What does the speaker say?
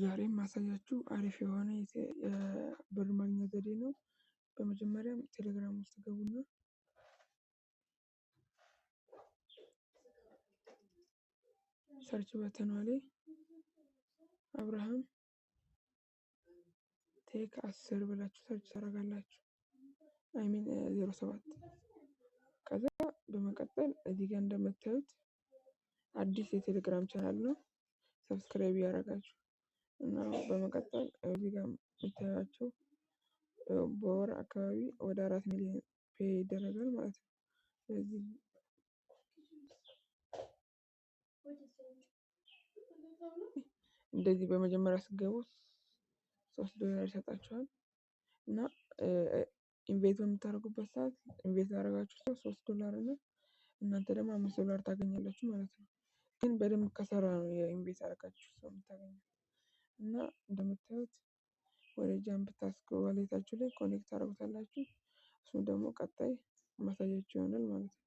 ዛሬ ማሳያችሁ አሪፍ የሆነ የብር ማግኛ ዘዴ ነው። በመጀመሪያም ቴሌግራም ውስጥ ገቡና ሰርች በተኗ ላይ አብርሃም ቴክ አስር ብላችሁ ሰርች ታደርጋላችሁ። አይሚን ዜሮ ሰባት ከዛ በመቀጠል እዚህ ጋር እንደምታዩት አዲስ የቴሌግራም ቻናል ነው። ሰብስክራይብ ያደርጋችሁ እና በመቀጠል እዚህ ጋር የምታያቸው በወር አካባቢ ወደ አራት ሚሊዮን ፔ ይደረጋል ማለት ነው። ስለዚህ እንደዚህ በመጀመሪያ ስትገቡ ሶስት ዶላር ይሰጣቸዋል። እና ኢንቬስት በምታደርጉበት ሰዓት ኢንቬስት ያደረጋችሁ ሰው ሶስት ዶላር እና እናንተ ደግሞ አምስት ዶላር ታገኛላችሁ ማለት ነው። ግን በደንብ ከሰራ ነው የኢንቬስት ያደረጋችሁ ሰው የምታገኘው። እና እንደምታዩት ወደጃን ብታስገቡ ዋሌታችሁ ላይ ኮኔክት አረጉታላችሁ። እሱም ደግሞ ቀጣይ ማሳያችሁ ይሆናል ማለት ነው።